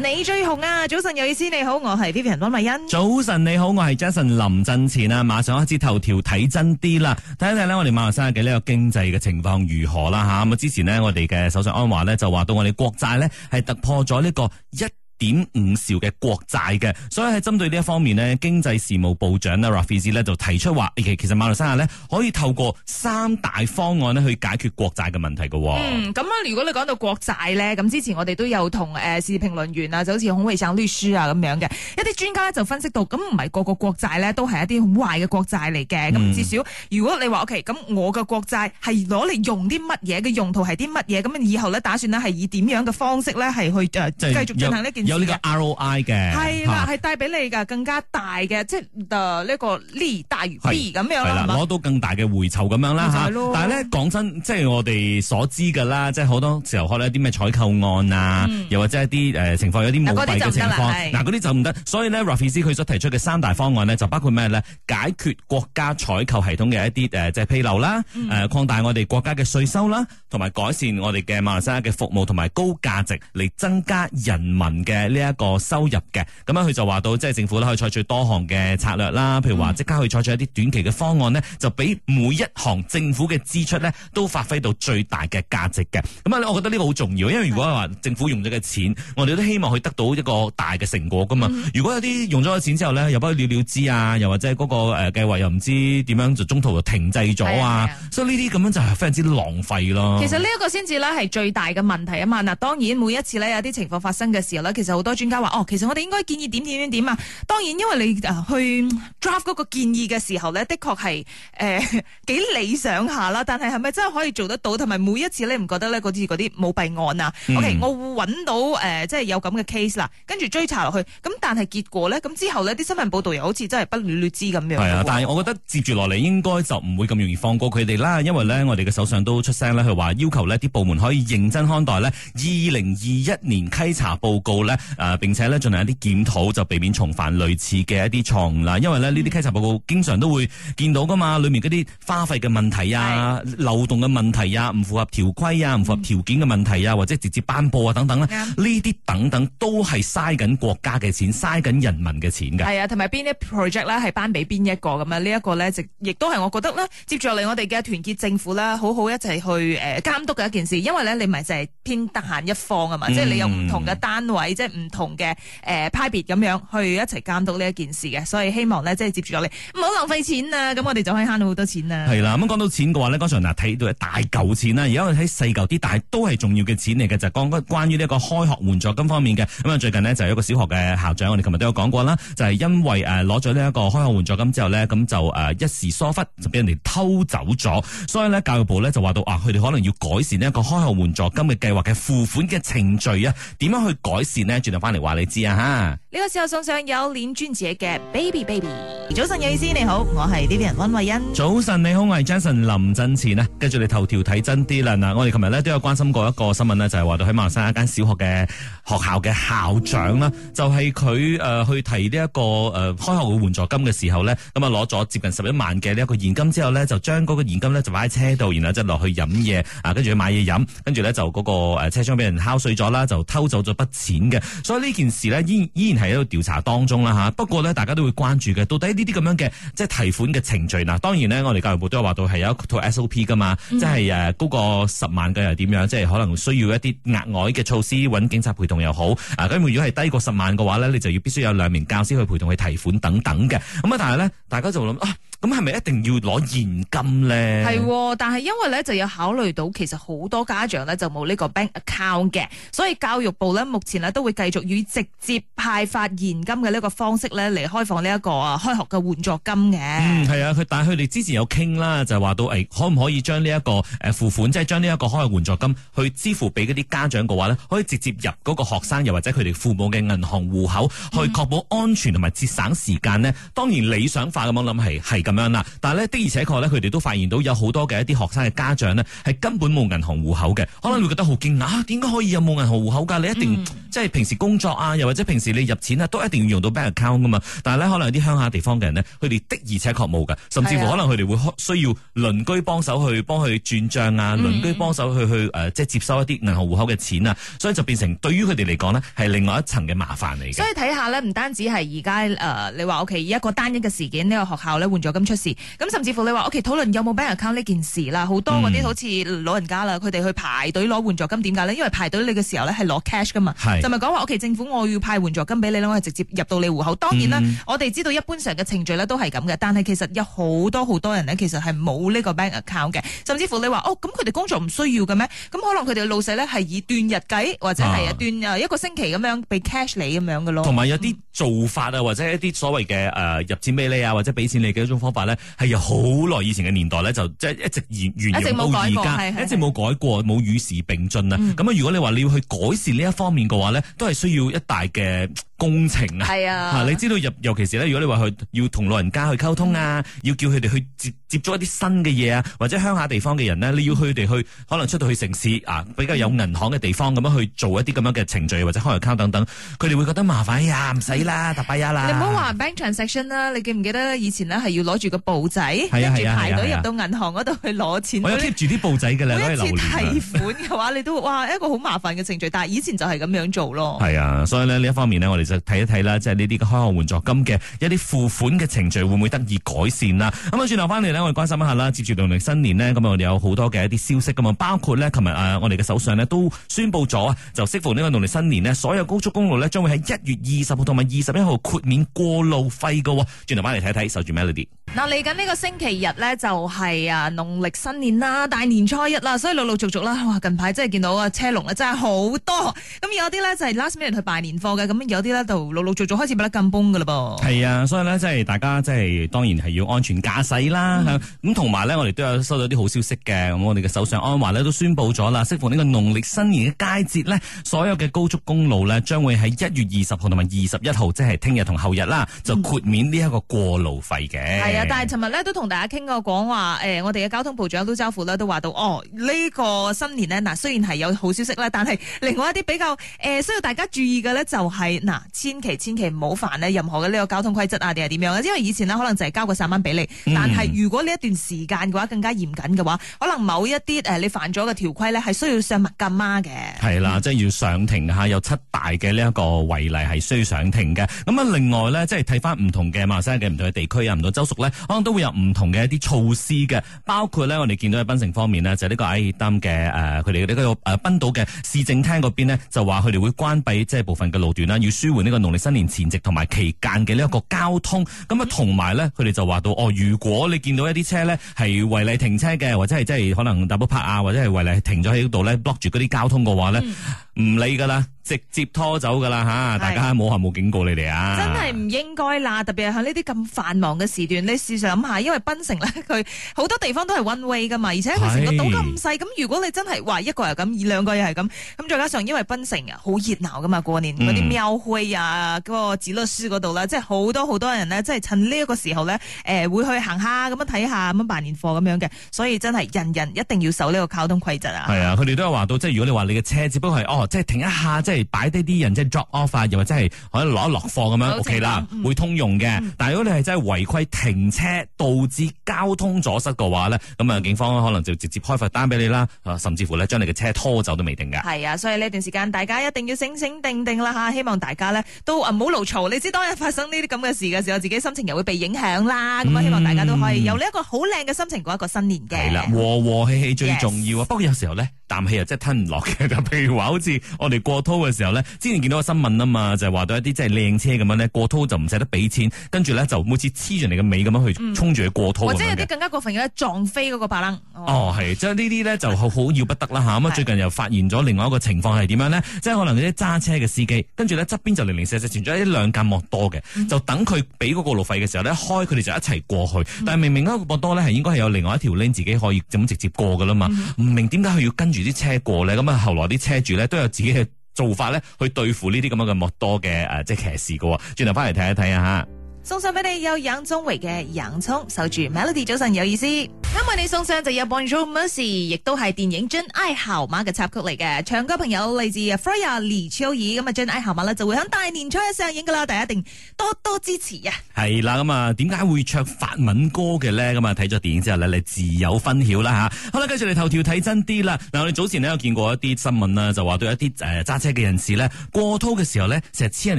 你最紅啊！早晨有意思，你好，我係 Vivian 溫麗欣。早晨你好，我係 Jason 林振前啊！馬上開始頭條睇真啲啦，睇一睇呢我哋馬來西亞嘅呢個經濟嘅情況如何啦吓？咁啊、嗯，之前呢我哋嘅首相安華呢就話到我哋國債呢係突破咗呢、這個一。點五兆嘅國債嘅。所以喺針對呢一方面咧，經濟事務部長呢 Rafizi 咧就提出話，其實馬來西亞呢可以透過三大方案咧去解決國債嘅問題嘅。嗯，咁、嗯、啊，如果你講到國債呢，咁之前我哋都有同誒，時、呃、事評論員啊，就好似孔維尚律師啊咁樣嘅，一啲專家呢就分析到，咁唔係個個國債呢都係一啲好壞嘅國債嚟嘅，咁、嗯、至少如果你話，OK，咁我嘅國債係攞嚟用啲乜嘢嘅用途係啲乜嘢，咁啊以後咧打算咧係以點樣嘅方式呢？係去誒繼續進行呢件有呢個 ROI 嘅，係啦，係帶俾你嘅更加大嘅，即係呢個利大於弊咁樣啦，攞到更大嘅回酬咁樣啦嚇。但係咧講真，即係我哋所知噶啦，即係好多時候可能一啲咩採購案啊、嗯，又或者一啲誒、呃、情況有啲舞弊嘅情況，嗱嗰啲就唔得、啊。所以咧，Rafizi 佢所提出嘅三大方案咧，就包括咩咧？解決國家採購系統嘅一啲誒即係披露啦，誒、呃呃呃呃、擴大我哋國家嘅稅收啦，同埋改善我哋嘅馬來西亞嘅服務同埋高價值嚟增加人民嘅。呢、這、一個收入嘅，咁樣佢就話到，即係政府可以採取多項嘅策略啦，譬如話即刻去採取一啲短期嘅方案呢、嗯、就俾每一項政府嘅支出呢都發揮到最大嘅價值嘅。咁啊，我覺得呢個好重要，因為如果話政府用咗嘅錢，嗯、我哋都希望佢得到一個大嘅成果噶嘛、嗯。如果有啲用咗嘅錢之後呢，又不了了之啊，又或者嗰個誒計劃又唔知點樣就中途就停滯咗啊，所以呢啲咁樣就係非常之浪費咯。其實呢一個先至呢係最大嘅問題啊嘛。嗱，當然每一次呢，有啲情況發生嘅時候呢。其實好多專家話哦，其實我哋應該建議點點點點啊！當然，因為你去 draft 嗰個建議嘅時候呢的確係誒幾理想下啦。但係係咪真係可以做得到？同埋每一次你唔覺得呢嗰啲嗰啲冇備案啊、嗯、？OK，我搵到誒、呃，即係有咁嘅 case 啦，跟住追查落去。咁但係結果呢咁之後呢啲新聞報道又好似真係不了了之咁樣。係啊，但係我覺得接住落嚟應該就唔會咁容易放過佢哋啦，因為呢我哋嘅首相都出聲呢，佢話要求呢啲部門可以認真看待咧二零二一年稽查報告誒、啊，並且咧進行一啲檢討，就避免重犯類似嘅一啲錯誤啦。因為咧呢啲稽查報告經常都會見到噶嘛，裏面嗰啲花費嘅問題啊、漏洞嘅問題啊、唔符合條規啊、唔符合條件嘅問題啊、嗯，或者直接頒布啊等等啦、啊，呢啲等等都係嘥緊國家嘅錢，嘥緊人民嘅錢嘅。係啊，同埋邊啲 project 咧係頒俾邊一個咁啊？這這呢一個咧亦都係我覺得咧，接住嚟我哋嘅團結政府啦，好好一齊去誒監督嘅一件事。因為咧你咪係就係偏得閒一方啊嘛、嗯，即係你有唔同嘅單位。唔同嘅誒、呃、派別咁樣去一齊監督呢一件事嘅，所以希望咧即係接住落嚟唔好浪費錢啊！咁我哋就可以慳到好多錢啊。係啦，咁講到錢嘅話咧，剛才嗱睇到大嚿錢啦，而家我睇細嚿啲，但係都係重要嘅錢嚟嘅，就講、是、關於呢一個開學援助金方面嘅。咁啊，最近呢，就有、是、一個小學嘅校長，我哋琴日都有講過啦，就係、是、因為誒攞咗呢一個開學援助金之後呢，咁就誒、啊、一時疏忽就俾人哋偷走咗，所以呢，教育部呢，就話到啊，佢哋可能要改善呢一個開學援助金嘅計劃嘅付款嘅程序啊，點樣去改善呢？.轉頭翻嚟話你知啊吓，呢、這個時候送上有線專者嘅 Baby Baby，早晨有意思你好，我係呢邊人温慧欣，早晨你好，我係 Jason 林振前呢，跟住你頭條睇真啲啦嗱，我哋琴日咧都有關心過一個新聞呢，就係話到喺馬鞍山一間小學嘅學校嘅校長啦、嗯，就係佢誒去提呢、這、一個誒、呃、開學會援助金嘅時候呢。咁啊攞咗接近十一萬嘅呢一個現金之後，金後、啊、呢，就將嗰個現金呢，就擺喺車度，然後即係落去飲嘢啊，跟住去買嘢飲，跟住呢，就嗰個誒車窗俾人敲碎咗啦，就偷走咗筆錢嘅。所以呢件事呢依依然係喺度調查當中啦，吓。不過呢，大家都會關注嘅，到底呢啲咁樣嘅即係提款嘅程序嗱。當然呢，我哋教育部都有話到係有套 S O P 噶嘛、嗯，即係誒高過十萬嘅又點樣，即係可能需要一啲額外嘅措施，揾警察陪同又好。啊，咁如果係低過十萬嘅話呢，你就要必須有兩名教師去陪同去提款等等嘅。咁啊，但係呢，大家就諗啊。咁係咪一定要攞現金呢？係，但係因為呢就要考慮到其實好多家長呢就冇呢個 bank account 嘅，所以教育部呢目前呢都會繼續以直接派發現金嘅呢個方式呢嚟開放呢一個啊開學嘅援助金嘅。嗯，係啊，佢但係佢哋之前有傾啦，就係話到誒可唔可以將呢一個誒付款，即係將呢一個開學援助金去支付俾嗰啲家長嘅話呢，可以直接入嗰個學生又或者佢哋父母嘅銀行戶口去確保安全同埋節省時間呢。當然理想化咁樣諗係係咁。咁樣啦，但係呢，的而且確呢，佢哋都發現到有好多嘅一啲學生嘅家長呢，係根本冇銀行戶口嘅。可能會覺得好驚訝啊，點解可以有冇銀行戶口㗎？你一定、嗯、即係平時工作啊，又或者平時你入錢啊，都一定要用到 bank account 㗎嘛。但係呢，可能有啲鄉下地方嘅人呢，佢哋的而且確冇㗎，甚至乎可能佢哋會需要鄰居幫手去幫佢轉帳啊、嗯，鄰居幫手去去、呃、即係接收一啲銀行戶口嘅錢啊。所以就變成對於佢哋嚟講呢，係另外一層嘅麻煩嚟嘅。所以睇下呢，唔單止係而家你話我哋一個單一嘅事件，呢、呢個學校呢換咗。出事咁，甚至乎你話屋企討論有冇 bank account 呢件事啦，嗯，好多嗰啲好似老人家啦，佢哋去排隊攞援助金點解呢？因為排隊你嘅時候咧係攞 cash 噶嘛，就咪講話屋企政府我要派援助金俾你咧，我係直接入到你戶口。當然啦，嗯，我哋知道一般上嘅程序咧都係咁嘅，但係其實有好多好多人咧，其實係冇呢個 bank account 嘅。甚至乎你話哦，咁佢哋工作唔需要嘅咩？咁可能佢哋老細咧係以段日計，或者係啊段一個星期咁樣俾 cash 你咁樣嘅咯。同、啊、埋、嗯、有啲做法啊，或者一啲所謂嘅誒、呃、入錢俾你啊，或者俾錢你嘅一種方法。法咧係由好耐以前嘅年代咧，就即係一直沿沿用到而家，一直冇改過，冇與時並進啊！咁啊，如果你話你要去改善呢一方面嘅話咧，都係需要一大嘅工程係啊！係啊，你知道入尤其是如果你話去要同老人家去溝通啊，嗯、要叫佢哋去接接觸一啲新嘅嘢啊，或者鄉下地方嘅人呢，你要佢哋去，去可能出到去城市啊，比較有銀行嘅地方咁樣去做一啲咁樣嘅程序或者開 account 等等，佢哋會覺得麻煩，哎、呀唔使啦，大把一啦。你唔好話 bank transaction 啦，你記唔記得以前咧係要攞？住個簿仔，係啊，係啊，排隊入到銀行嗰度去攞錢。我有貼住啲簿仔嘅咧。我一貼提款嘅話，你都 哇一個好麻煩嘅程序。但係以前就係咁樣做咯。係啊，所以呢，呢一方面呢，我哋就睇一睇啦，即係呢啲嘅開學援助金嘅一啲付款嘅程序會唔會得以改善啦？咁啊，轉頭翻嚟呢，我哋關心一下啦。接住農曆新年呢，咁啊，我哋有好多嘅一啲消息咁啊，包括呢，琴日啊，我哋嘅首相呢都宣布咗，就適逢呢個農曆新年呢，所有高速公路呢，將會喺一月二十號同埋二十一號豁免過路費嘅。轉頭翻嚟睇一睇，守住 Melody。嗱，嚟緊呢個星期日呢，就係啊，農曆新年啦，大年初一啦，所以陸陸續續啦，哇，近排真係見到啊車龍咧真係好多，咁有啲呢就係 last minute 去拜年貨嘅，咁有啲呢就陸陸續續開始變得咁崩噶啦噃。係啊，所以呢，即係大家即係當然係要安全駕駛啦，咁同埋呢，我哋都有收到啲好消息嘅，咁我哋嘅首相安華呢都宣布咗啦，適逢呢個農曆新年嘅佳節呢，所有嘅高速公路呢，將會喺一月二十號同埋二十一號，即係聽日同後日啦，就豁免呢一個過路費嘅。嗯但係尋日咧都同大家傾過講話，誒、哎，我哋嘅交通部長都招呼咧，都話到哦，呢、這個新年呢，嗱，雖然係有好消息啦，但係另外一啲比較誒、呃、需要大家注意嘅咧，就係、是、嗱、啊，千祈千祈唔好犯任何嘅呢個交通規則啊，定係點樣？因為以前咧可能就係交個三蚊俾你，但係如果呢一段時間嘅話、嗯、更加嚴謹嘅話，可能某一啲誒、呃、你犯咗嘅條規咧係需要上麥禁媽嘅。係啦，嗯、即係要上庭嚇，有七大嘅呢一個違例係需要上庭嘅。咁啊，另外咧即係睇翻唔同嘅馬來西亞嘅唔同嘅地區啊，唔同州屬。可能都會有唔同嘅一啲措施嘅，包括咧我哋見到喺檳城方面呢，就係、是、呢個亞熱登嘅誒，佢哋呢個誒檳島嘅市政廳嗰邊咧，就話佢哋會關閉即係部分嘅路段啦，要舒緩呢個農曆新年前夕同埋期間嘅呢一個交通。咁、嗯、啊，同埋咧，佢哋就話到哦，如果你見到一啲車咧係違例停車嘅，或者係即係可能 double park 啊，或者係違例停咗喺度咧 block 住嗰啲交通嘅話咧。嗯唔理噶啦，直接拖走噶啦吓，大家冇吓冇警告你哋啊！真係唔應該啦，特別係喺呢啲咁繁忙嘅時段，你試想下，因為檳城咧佢好多地方都係 one way 噶嘛，而且佢成個島咁細，咁如果你真係話一個又咁，兩個又係咁，咁再加上因為檳城啊好熱鬧噶嘛，過年嗰啲廟會啊，嗰、那個紙律書嗰度咧，即係好多好多人呢，即係趁呢一個時候呢，誒、呃、會去行下咁樣睇下，咁樣辦年貨咁樣嘅，所以真係人人一定要守呢個交通規則啊！係啊，佢哋都有話到，即係如果你話你嘅車只不過係哦、即係停一下，即係擺低啲人，即係 drop off 啊，又或者係可以落一落貨咁樣，OK 啦、嗯，會通用嘅、嗯。但係如果你係真係違規停車導致交通阻塞嘅話咧，咁啊警方可能就直接開罰單俾你啦，甚至乎咧將你嘅車拖走都未定嘅。係啊，所以呢段時間大家一定要醒醒定定啦吓，希望大家咧都唔好、啊、怒嘈。你知當日發生呢啲咁嘅事嘅時候，自己心情又會被影響啦。咁、嗯、啊，希望大家都可以有呢一個好靚嘅心情過一個新年嘅。係啦、啊，和和氣氣最重要啊。不、yes. 過有時候咧啖氣又真係吞唔落嘅，譬如話好似。我哋過拖嘅時候呢，之前見到個新聞啊嘛，就話、是、到一啲即係靚車咁樣呢。過拖就唔捨得俾錢，跟住呢就每次黐住你個尾咁樣去衝住佢過拖，嗯、或者有啲更加過分嘅咧撞飛嗰個白楞。哦，係、哦，即係呢啲咧就好要不得啦吓。咁最近又發現咗另外一個情況係點樣呢？是即係可能嗰啲揸車嘅司機，跟住呢側邊就零零舍舍存在一兩架莫多嘅，就等佢俾嗰個路費嘅時候咧，開佢哋就一齊過去。嗯、但係明明嗰個莫多咧係應該係有另外一條 link 自己可以咁直接過噶啦嘛，唔、嗯、明點解佢要跟住啲車過呢？咁啊後來啲車主咧自己嘅做法咧，去對付呢啲咁樣嘅莫多嘅誒，即係騎士嘅。轉頭翻嚟睇一睇啊吓！送上俾你有楊宗緯嘅洋葱，守住 Melody 早晨有意思。我為你送上就有《Born to Mercy》，亦都係電影《真愛校馬》嘅插曲嚟嘅。唱歌朋友嚟自 Froya Licho 爾 -E,，咁啊《真愛校馬》咧就會響大年初一上映噶啦，大家一定多多支持啊！係啦，咁啊，點解會唱法文歌嘅咧？咁啊，睇咗電影之後咧，你自有分曉啦吓。好啦，繼續嚟頭條睇真啲啦。嗱，我哋早前咧有見過一啲新聞啦，就話對一啲誒揸車嘅人士咧過拖嘅時候咧，成日黐人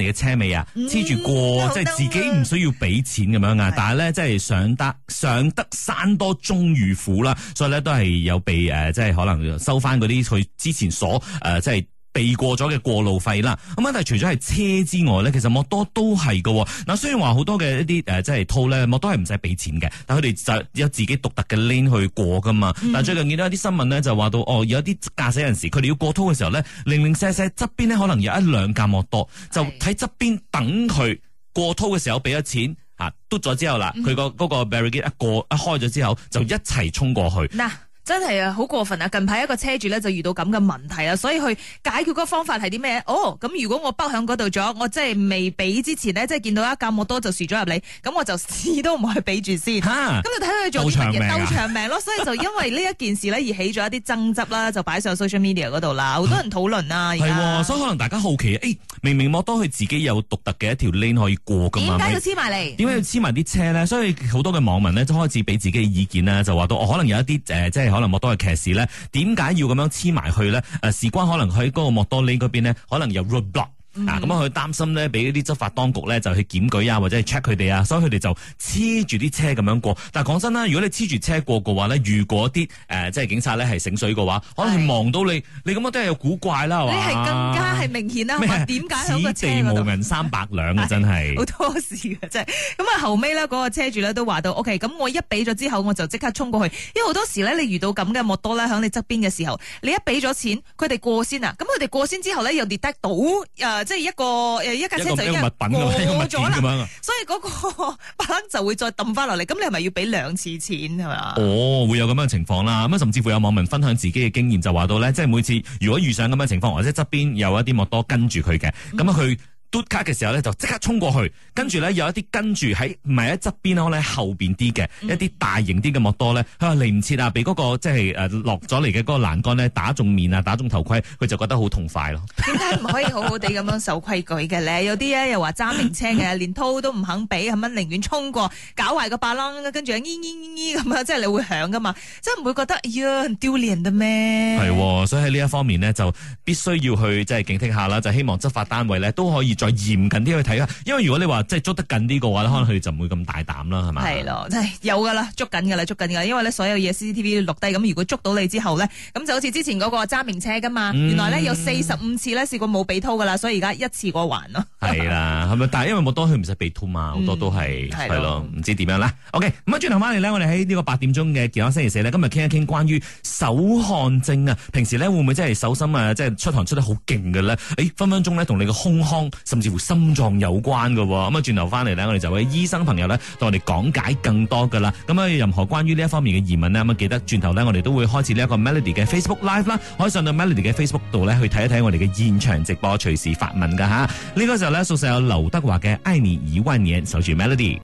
哋嘅車尾啊，黐、嗯、住過，即係自己唔需要俾錢咁樣啊，但係咧即係上得上得山多終。啦，所以咧都係有俾誒、呃，即係可能收返嗰啲佢之前所誒、呃，即係避過咗嘅過路費啦。咁啊，但係除咗係車之外咧，其實摩托都係㗎嗱，雖然話好多嘅一啲、呃、即係 toll 咧，摩托係唔使俾錢嘅，但係佢哋就有自己獨特嘅 lane 去過㗎嘛、嗯。但最近見到一啲新聞咧，就話到哦，有一啲駕駛人士佢哋要過 toll 嘅時候咧，零零舍舍側邊咧可能有一兩架摩托，就喺側邊等佢過 toll 嘅時候俾咗錢。啊！嘟咗之後啦，佢、嗯那個嗰個 barrier 一過一開咗之後，就一齊衝過去嗱。嗯真係啊，好過分啊！近排一個車主咧就遇到咁嘅問題啦，所以佢解決嗰個方法係啲咩？哦，咁如果我包響嗰度咗，我即係未俾之前呢，即係見到一間摩多就蝕咗入嚟，咁我就試都唔去以俾住先。嚇、啊！咁就睇佢做啲乜嘢，鬥長命咯。所以就因為呢一件事咧而起咗一啲爭執啦，就擺上 social media 嗰度啦，好多人討論啊，係、啊哦，所以可能大家好奇，哎、明明摩多，佢自己有獨特嘅一條 link 可以過㗎。點解要黐埋嚟？點解要黐埋啲車呢？所以好多嘅網民呢，都開始俾自己嘅意見啦，就話到、哦、可能有一啲、呃、即係。可能莫多嘅騎士咧，點解要咁樣黐埋去咧？誒，事關可能喺嗰個莫多利嗰邊咧，可能有 roadblock。嗱、嗯，咁啊，佢擔心咧，俾啲執法當局咧就去檢舉啊，或者係 check 佢哋啊，所以佢哋就黐住啲車咁樣過。但係講真啦，如果你黐住車過嘅話咧，如果啲誒即係警察咧係醒水嘅話，可能望到你，你咁樣都係有古怪啦。你係更加係明顯啦、啊。點解、啊？此地無銀三百兩啊，真係好 多事啊，真係咁啊，後尾咧嗰個車主咧都話到，OK，咁我一俾咗之後，我就即刻衝過去，因為好多時咧你遇到咁嘅摩托咧響你側邊嘅時候，你一俾咗錢，佢哋過先啊，咁佢哋過先之後咧又跌低倒即係一個誒，一架車就已所以嗰、那個百零 就會再抌翻落嚟。咁你係咪要俾兩次錢係嘛？哦，會有咁樣情況啦。咁啊，甚至乎有網民分享自己嘅經驗，就話到咧，即係每次如果遇上咁樣情況，或者側邊有一啲莫多跟住佢嘅，咁啊佢。嘟卡嘅時候咧，就即刻衝過去，跟住咧有一啲跟住喺唔係喺側邊咯咧，後邊啲嘅一啲大型啲嘅摩托咧，佢嚟唔切啊，俾嗰、那個即係誒落咗嚟嘅嗰個欄杆咧打中面啊，打中頭盔，佢就覺得好痛快咯。點解唔可以好好地咁樣守規矩嘅咧？ 有啲咧又話揸名車嘅， 連掏都唔肯俾，咁樣寧願衝過搞壞個八楞，跟住咿咿咿咁啊，即係你會響噶嘛？即係唔會覺得哎呀丟人得咩？係、哦，所以喺呢一方面呢，就必須要去即係警惕下啦，就希望執法單位咧都可以。嚴謹啲去睇啦，因為如果你話即係捉得緊啲嘅話、嗯、可能佢就唔會咁大膽啦，係咪？係咯，係有噶啦，捉緊噶啦，捉緊噶，因為所有嘢 CCTV 錄低，咁如果捉到你之後咧，咁就好似之前嗰個揸名車噶嘛，嗯、原來咧有四十五次咧試過冇被偷噶啦，所以而家一次過還咯。係啦，係、嗯、咪？但係因為冇多佢唔使被偷嘛，好多都係係咯，唔、嗯、知點樣咧。OK，咁啊轉頭翻嚟咧，我哋喺呢個八點鐘嘅健康星期四咧，今日傾一傾關於手汗症啊，平時咧會唔會真係手心啊，即係出汗出得好勁嘅咧？誒，分分鐘咧同你嘅胸腔，甚至乎心臟有關嘅喎，咁啊轉頭翻嚟咧，我哋就會醫生朋友咧，當我哋講解更多㗎啦。咁啊，任何關於呢一方面嘅疑問呢，咁啊記得轉頭咧，我哋都會開始呢一個 Melody 嘅 Facebook Live 啦，可以上到 Melody 嘅 Facebook 度咧，去睇一睇我哋嘅現場直播，隨時發問㗎。嚇。呢個時候咧，送上劉德華嘅《愛你一萬年》守住 Melody。